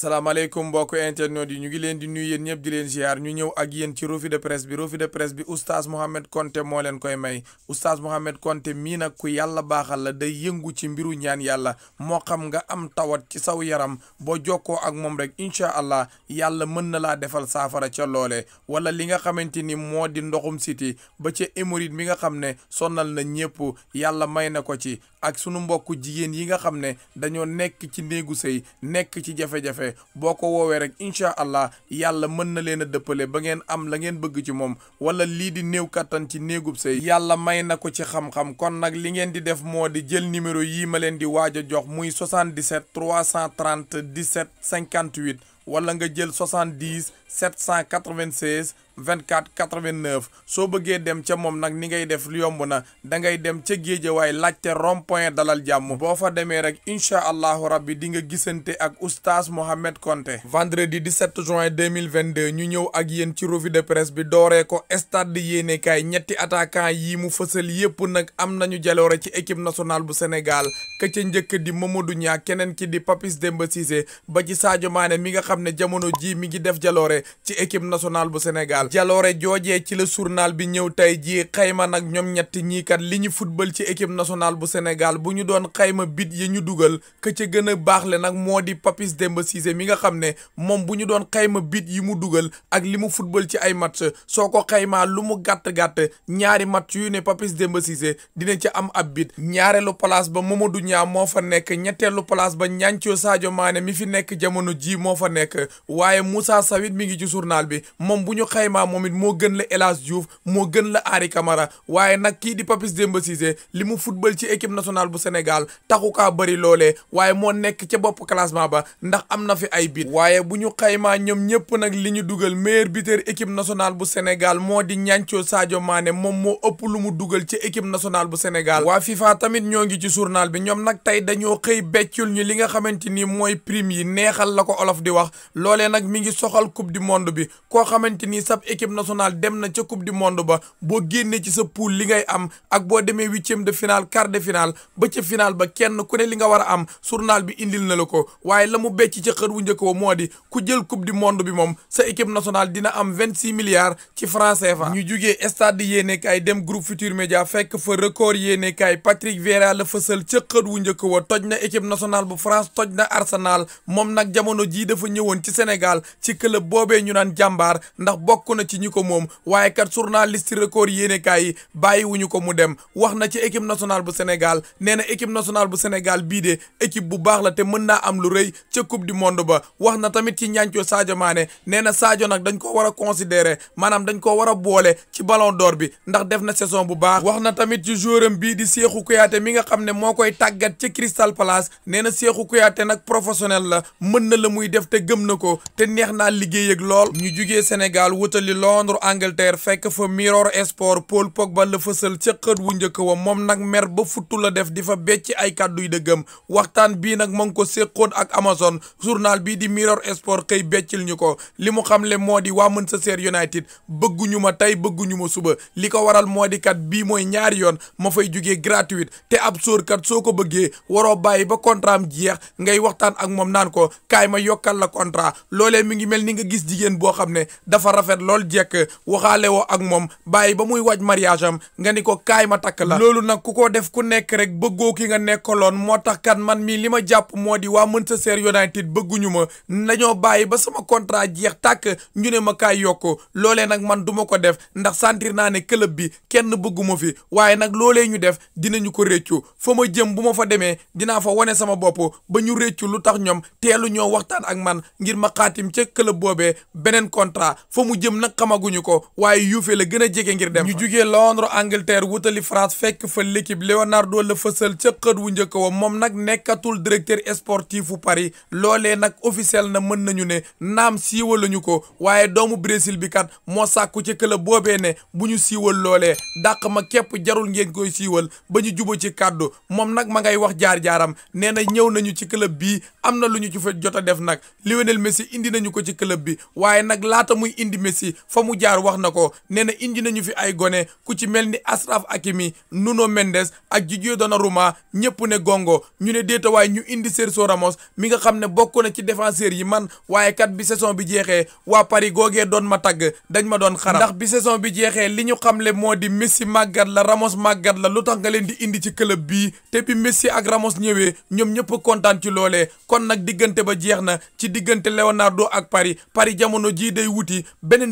salaamaaleykum mbokk internet yi ñu ngi leen di nuyu yéen ñëpp di leen ziar ñu ñëw ak yéen ci revue de presse bi revue de presse bi oustaz Mohamed Konté moo leen koy may oustaz Mohamed Konté mii nag ku yàlla baaxal la day yëngu ci mbiru ñaan yàlla moo xam nga am tawat ci saw yaram boo jokkoo ak moom rek incha allah yàlla mën na laa defal saafara ca loole wala li nga xamante ni moo di ndoxum siti ba ci hémorroïde mi nga xam ne sonnal na ñëpp yàlla may na ko ci ak sunu mbokku jigéen yi nga xam ne dañoo nekk ci néegu sëy nekk ci jafe boo ko woowee rek incha allah yàlla mën na leen a dëppale ba ngeen am la ngeen bëgg ci moom wala lii di néew kattan ci néegub sëy yàlla may na ko ci xam-xam kon nag li ngeen di def moo di jël numéro yii ma leen di waaj a jox muy 77 330 17 58 wala nga jël 70 796 24 89 soo bëggee dem ca moom nag ni ngay def lu yomb na da dem ca géejawaay laajte rond point dalal jàmm boo fa demee rek incha allahu rabbi di nga gisante ak oustaz Mohamed Konté vendredi 17 juin 2022 ñu ñëw ak yéen ci revue de presse bi dooree ko stade di ñetti attaquant yi mu fësal yépp nag am nañu jaloore ci équipe nationale bu Sénégal ka njëkk di Mamadou Niang keneen ki di Papis Demba Cissé ba ci Sadio Mané mi nga xam ne jamono ji mi ngi def jaloore ci équipe nationale bu Sénégal Sénégal jaloore joojee ci la journal bi ñëw tey jii xayma nag ñoom ñett ñii kat li ñu football ci équipe nationale bu Sénégal bu ñu doon xayma bit yi ñu dugal ka ca gën a baax le nag moo di Papis Demba mi nga xam ne moom bu ñu doon xayma bit yi mu dugal ak li mu football ci ay match soo ko xayma lu mu gàtt-gàtt ñaari match yu ne Papis Demba Cissé dina ci am ab bit ñaareelu place ba Mamadou Niang moo fa nekk ñetteelu place ba ñancoo Sadio Mané mi fi nekk jamono ji moo fa nekk waaye Moussa Sawit mi ngi ci journal bi moom bu ñu xayma vraiment moom it moo gën la El Hadj gën la Henri Camara waaye nag kii di Papis Demba Cissé li mu football ci équipe nationale bu Sénégal taxu kaa bëri loolee waaye moo nekk ca bopp classement ba ndax am na fi ay bit waaye bu ñu xaymaa ñoom ñëpp nag li ñu dugal meilleur buteur équipe nationale bu Sénégal moo di ñancoo Sadio Mané moom moo ëpp lu mu dugal ci équipe national bu Sénégal waa FIFA tamit ñoo ngi ci journal bi ñoom nag tey dañoo xëy beccul ñu li nga xamante ni mooy prime yi neexal la ko olof di wax loolee nag mi ngi soxal coupe du monde bi koo xamante ni sab équipe nationale dem na ca coupe du monde ba boo génnee ci sa li ngay am ak boo demee huitième de finale quart de finale ba ca finale ba kenn ku ne li nga war a am journal bi indil na la ko waaye la mu becc ca xër wu njëkk wa moo di ku jël coupe du monde bi moom sa équipe nationale dina am vingt six milliards ci francs CFA. ñu jugee stade yéenekaay dem groupe Futur Média fekk fa record yéenekaay Patrick Vieira la fësal ca xër wu njëkk wa toj na équipe nationale bu France na moom nag jamono jii dafa ñëwoon ci Sénégal ci club boobee ñu naan jàmbaar bokk na ci ñi ko moom waaye kat journaliste record yéenekaay yi bàyyiwuñu ko mu dem wax na ci équipe nationale bu Sénégal nee na équipe nationale bu Sénégal bii de équipe bu baax la te mën naa am lu rëy ca coupe du monde ba wax na tamit ci ñaancoo Sadio Mané nee na Sadio nag dañ ko war a considérer maanaam dañ ko war a boole ci ballon door bi ndax def na saison bu baax wax na tamit ci joueuram bii di Cheikhou Kouyaté mi nga xam ne moo koy tàggat ci Crystal Palace nee na Cheikhou Kouyaté nag professionnel la mën na la muy def te gëm na ko te neex naa liggéey lool ñu jugee Sénégal wuta wutali Londres Angleterre fekk fa Mirror Sport Paul Pogba la fësal ca xët wu njëkk wa moom nag mer ba futtu la def di fa becc ay kàdduy dëggam waxtaan bii nag ma ngi ko séqoon ak Amazon journal bii di Mirror Sport xëy beccil ñu ko li mu xam xamle moo di waa Manchester United bëgguñu ma tey bëgguñu ma suba li ko waral moo di kat bii mooy ñaari yoon ma fay jugee gratuite te ab sóor kat soo ko bëggee waroo bàyyi ba contrat am jeex ngay waxtaan ak moom naan ko kaay ma yokkal lool jekk waxaale wo ak moom bàyyi ba muy waj mariage am nga ni ko kaay ma takk la loolu nag ku ko def ku nekk rek bëggoo ki nga nekkaloon moo tax kan man mii li ma jàpp moo di waa Manchester United bëgguñu ma nañoo bàyyi ba sama contrat jeex tàkk ñu ne ma kaay yokk loolee nag man du ko def ndax sentir naa ne club bi kenn bëgguma fi waaye nag loolee ñu def dinañu ko réccu fa ma jëm bu ma fa demee dinaa fa wane sama bopp ba ñu réccu lu tax ñoom teelu ñoo waxtaan ak man ngir ma xaatim ca club boobee beneen contrat fa mu jëm moom nag xamaguñu ko waaye Juve la gën a jege ngir dem ñu jugee Londres Angleterre wutali France fekk fa l'équipe Leonardo la fësal ca xët wu njëkk wa moom nag nekkatul directeur sportif bu Paris loolee nag officiel na mën nañu ne naam siiwaluñu ko waaye doomu Brésil bi kat moo sàkku ci club boobee ne bu ñu siiwal loolee dàq ma képp jarul ngeen koy siiwal ba ñu jubo ci kàddu moom nag ma ngay wax jaar-jaaram nee na ñëw nañu ci club bii am na lu ñu ci jot a def nag Lionel Messi indi nañu ko ci club bi waaye nag laata muy indi Messi si fa mu jaar wax na ko nee na indi nañu fi ay gone ku ci mel ni Asraf Hakimi Nuno Mendes ak Gigio Donnarumma ñëpp ne gongo ñu ne déeta waaye ñu indi soo Ramos mi nga xam ne bokkoon na ci défenseur yi man waaye kat bi saison bi jeexee waa Paris googee doon ma tagg dañ ma doon xaram ndax bi saison bi jeexee li ñu xam xamle moo di Messi màggat la Ramos màggat la lu tax nga leen di indi ci club bii te bi Messi ak Ramos ñëwee ñoom ñëpp kontaan ci loolee kon nag diggante ba jeex na ci diggante Leonardo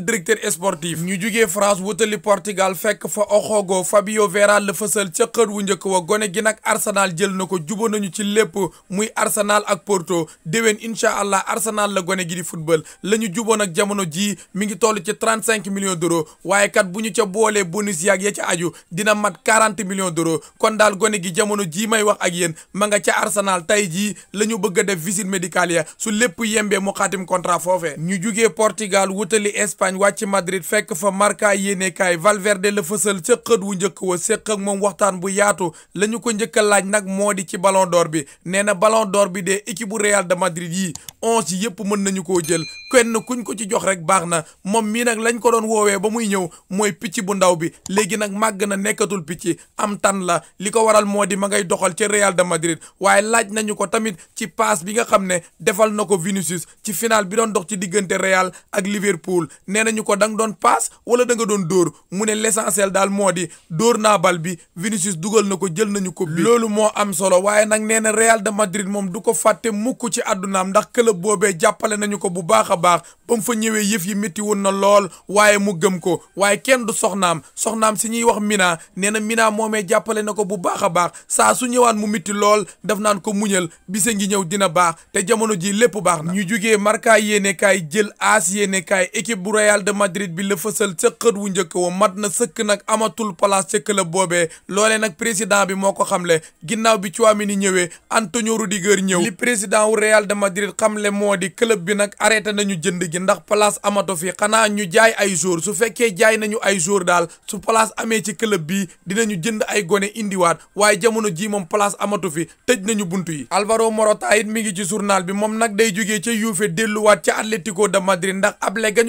directeur sportif ñu jugee France wutali Portugal fekk fa Oxogo Fabio Vera la fësal ca xët wu njëkk wa gone gi nag Arsenal jël na ko jubóo nañu ci lépp muy Arsenal ak Porto déwén incha allah Arsenal la gone gi di football la ñu jubóo nag jamono jii mi ngi toll ci trente cinq millions d'euros waaye kat bu ñu ca boolee bonus yaag ya ca aju dina mat quarante millions d'euros kon daal gone gi jamono jii may wax ak yéen ma nga ca Arsenal tey jii lañu ñu bëgg a def visite médicale su lépp yembee mu xaatim contrat foofee ñu jugee Portugal wutali Espagne. Espagne wàcc Madrid fekk fa marka Marca yéenekaay Valverde la fësal ca xët wu njëkk wa séq ak moom waxtaan bu yaatu la ñu ko njëkk laaj nag moo di ci ballon d'or bi nee na ballon d'or bi de équipe bu Real de Madrid yi onze yëpp mën nañu koo jël kenn ku ñu ko ci jox rek baax na moom mii nag lañ ko doon woowee ba muy ñëw mooy picc bu ndaw bi léegi nag màgg na nekkatul picc am tan la li ko waral moo di ma ngay doxal ci Real de Madrid waaye laaj nañu ko tamit ci passe bi nga xam ne defal na ko Vinicius ci final bi doon dox ci diggante Real ak Liverpool nañu ko da doon paas wala da nga doon dóor mu ne l'essentiel daal moo di dóor naa bal bi Vinicius dugal na ko jël nañu ko bi loolu moo am solo waaye nag nee na Real de Madrid moom du ko fàtte mukk ci àddunaam ndax club boobee jàppale nañu ko bu baax a baax ba fa ñëwee yëf yi métti woon na lool waaye mu gëm ko waaye kenn du soxnaam soxnaam si ñuy wax Mina nee na Mina moomee jàppale na ko bu baax a baax saa su mu métti lool daf naan ko muñal bise ngi ñëw dina baax jamono ji lépp baax na ñu jugee Marca yéene kaay jël AS yéene équipe bu Real de Madrid bi la fësal ca xët wu njëkk wa mat na sëkk nag amatul place ca club boobee loolee nag président bi moo ko xamle ginnaaw bi Tchouaméni ñëwee Antonio Rudiger ñëw li président wu Real de Madrid xamle moo di club bi nag arrêté nañu jënd gi ndax place amato fi xanaa ñu jaay ay jour su fekkee jaay nañu ay jour daal su place amee ci club bi dinañu jënd ay gone indiwaat waaye jamono ji moom place amatu fi tëj nañu buntu yi Alvaro Morata it bi moom nag day jógee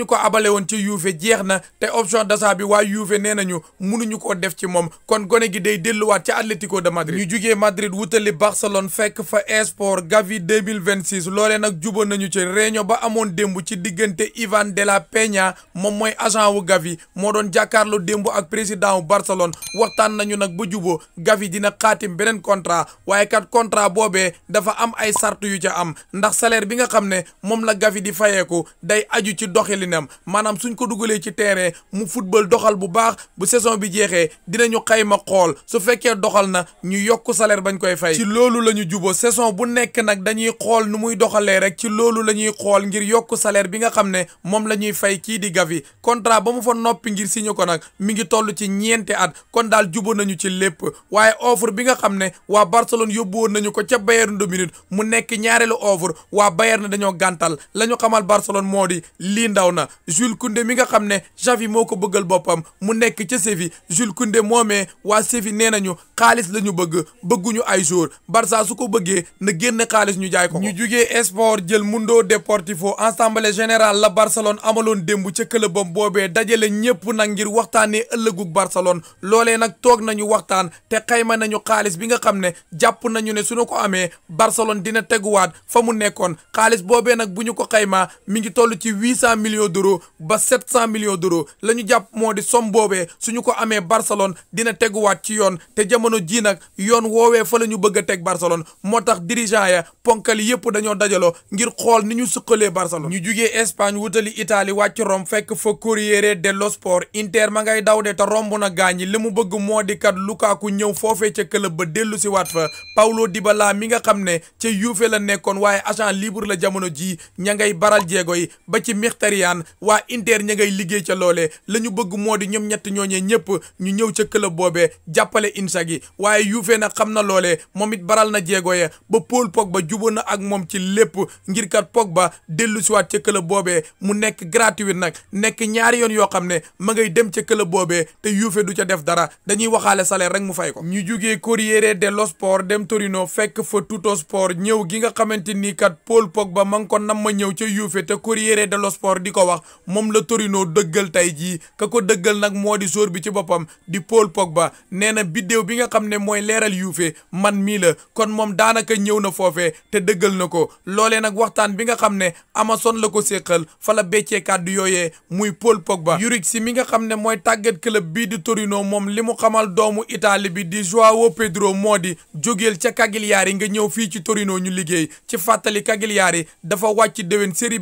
ca dajale woon ci Juve jeex na te option d'achat bi waa Juve nee nañu mënuñu koo def ci moom kon gone gi day delluwaat ca Atlético de Madrid ñu jugee Madrid wutali Barcelone fekk fa Esport Gavi 2026 loolee nag jubóo nañu ci réunion ba amoon démb ci diggante Ivan de la Peña moom mooy agent wu Gavi moo doon jàkkaarloo démb ak président wu Barcelone waxtaan nañu nag ba jubóo Gavi dina xaatim beneen contrat waaye kat contrat boobee dafa am ay sart yu ca am ndax salaire bi nga xam ne moom la Gavi di fayeeku day aju ci doxalinam maanaam suñ ko dugalee ci terrain mu football doxal bu baax bu saison bi jeexee dinañu xayma xool su fekkee doxal na ñu yokk salaire bañ koy fay ci loolu la ñu juboo saison bu nekk nag dañuy xool nu muy doxalee rek ci loolu la ñuy xool ngir yokk salaire bi nga xam ne moom la ñuy fay kii di Gavi contrat ba mu fa noppi ngir signé ko nag mi ngi toll ci ñeenti at kon daal juboo nañu ci lépp waaye offre bi nga xam ne waa Barcelone yóbbu woon nañu ko ca Bayern de mu nekk ñaareelu offre waa Bayern dañoo gàntal la ñu xamal Barcelone moo di lii ndaw na Jules Koundé mi nga xam ne Xavi moo ko bëggal boppam mu nekk ca Séville Jules Koundé moomee waa Séville nee nañu xaalis la ñu bëgg bëgguñu ay jour Barça su ko bëggee na génn xaalis ñu jaay ko ñu jugee Esport jël Mundo Deportivo assemblée général la Barcelone amaloon démb ca këlëbam boobee dajale ñëpp nag ngir waxtaanee ëllëgug Barcelone loolee nag toog nañu waxtaan te xayma nañu xaalis bi nga xam ne jàpp nañu ne suñu ko amee Barcelone dina teguwaat fa mu nekkoon xaalis boobee nag bu ñu ko xaymaa mi ngi toll ci huit cent millions d'euros ba sept cent millions d'euros la ñu jàpp moo di somme boobee suñu ko amee Barcelone dina teguwaat ci yoon te jamono ji nag yoon woowee fa la ñu bëgg a teg Barcelone moo tax dirigeant ya ponkal yëpp dañoo dajaloo ngir xool ni ñu suqalee Barcelone. ñu jugee Espagne wutali Italie wàcc Rome fekk fa Corriere dello Sport Inter ma ngay daw de te romb na gaañi li mu bëgg moo di kat Lukaku ñëw foofee ca club ba dellu si waat fa di Dybala mi nga xam ne ca Juve la nekkoon waaye agent libre la jamono jii ña ngay baral jéego yi ba ci Mkhitaryan Inter ña ngay liggéey ca loole la ñu bëgg moo di ñoom ñett ñooñee ñëpp ñu ñëw ca club boobee jàppale Inzaghi waaye Juve nag xam na loole moom it baral na jéego ya ba Paul Pogba jubóo na ak moom ci lépp ngir kat ba dellu siwaat ca club boobee mu nekk gratuit nag nekk ñaari yoon yoo xam ne ma ngay dem ca club boobee te Juve du ca def dara dañuy waxaale salaire rek mu fay ko. ñu jugee Corriere dello Sport dem Torino fekk fa Tuttosport ñëw gi nga xamante ni kat Paul Pogba ma nga ko ma ñëw ca Juve te Corriere dello Sport di ko wax. moom la Torino dëggal tey jii ka ko dëggal nag moo di sóor bi ci boppam di Paul Pogba nee na biddéew bi nga xam ne mooy leeral yuufe man mii la kon moom daanaka ñëw na foofee te dëggal na ko loolee nag waxtaan bi nga xam ne Amazon la ko séqal fa la beccee kàddu yooyee muy Paul ba Juric si mi nga xam ne mooy tàggat club bii di Torino moom li mu xamal doomu Italie bi di Joao Pedro moo di jogeel ca Cagliari nga ñëw fii ci Torino ñu liggéey ci fàttali Cagliari dafa wàcc déwén Série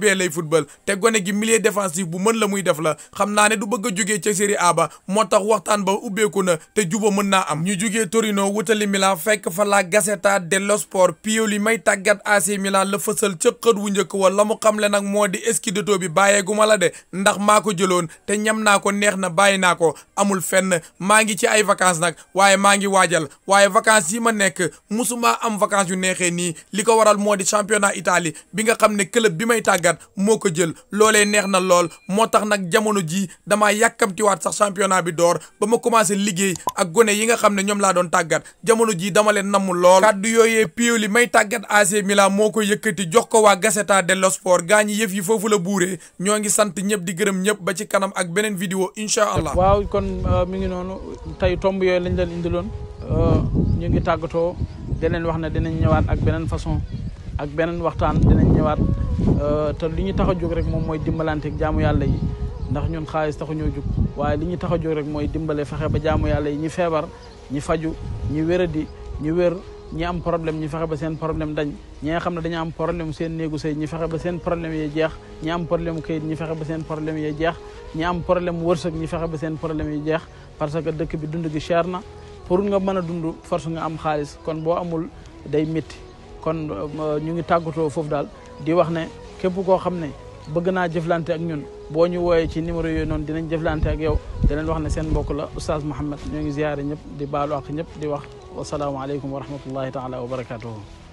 bu mën la muy def la xam naa ne du bëgg a jógee ca Serie A ba moo tax waxtaan ba ubbeeku na te juba mën naa am ñu jógee Torino wutali Milan fekk fa la Gazzetta dello Sport Pioli may tàggat AC Milan la fësal ca xët wu njëkk wa la mu xamle nag moo di scudetto bi bàyyeegu ma la de ndax maa ko jëloon te ñam naa ko neex na bàyyi naa ko amul fenn maa ngi ci ay vacances nag waaye maa ngi waajal waaye vacances yi ma nekk musuma am vacances yu neexee nii li ko waral moo di championnat Italie bi nga xam ne club bi may tàggat moo ko jël loolee neex na lool moo tax nag jamono jii damaa yàkkamtiwaat sax championnat bi door ba ma commencé liggéey ak gone yi nga xam ne ñoom laa doon tàggat jamono jii dama leen namm lool kàddu yooyee Pioli may tàggat AC Milan moo ko yëkkati jox ko waa Gazzetta dello Sport gaa ñi yëf yi foofu la buuree ñoo ngi sant ñëpp di gërëm ñëpp ba ci kanam ak beneen vidéo incha allah waaw kon euh, mi ngi noonu tey tomb yooyu lañ leen indiloon euh, ñu ngi tàggatoo di wax na dinañ ñëwaat ak beneen façon ak beneen waxtaan dinañ ñëwaat euh, te li ñu tax a jóg rek moom mooy dimbalante ak jaamu yàlla yi ndax ñun xaalis taxu ñoo jóg waaye li ñu tax a jóg rek mooy dimbale fexe ba jaamu yàlla yi ñi feebar ñi faju ñi di ñi wér ñi am problème ñi fexe ba seen problème dañ ñi nga xam ne dañu am problème seen néegu sëy ñi fexe ba seen problème yee jeex ñi am problème kayit ñi fexe ba seen problème yee jeex ñi am problème wërsëg ñi fexe ba seen problème yi jeex parce que dëkk bi dund gi cher na pour nga mën a dund force nga am xaalis kon boo amul day métti kon euh, ñu ngi tàggatoo foofu daal di wax ne képp koo xam ne bëgg naa jëflante ak ñun boo ñu wooyee ci numéro yooyu noonu dinañ jëflante ak yow dinañ wax ne seen mbokk la oustaz Mouhamed ñoo ngi ziyaare ñëpp di baalu ak di wax wasalaamaaleykum wa rahmatullahi taala wa barakatuhu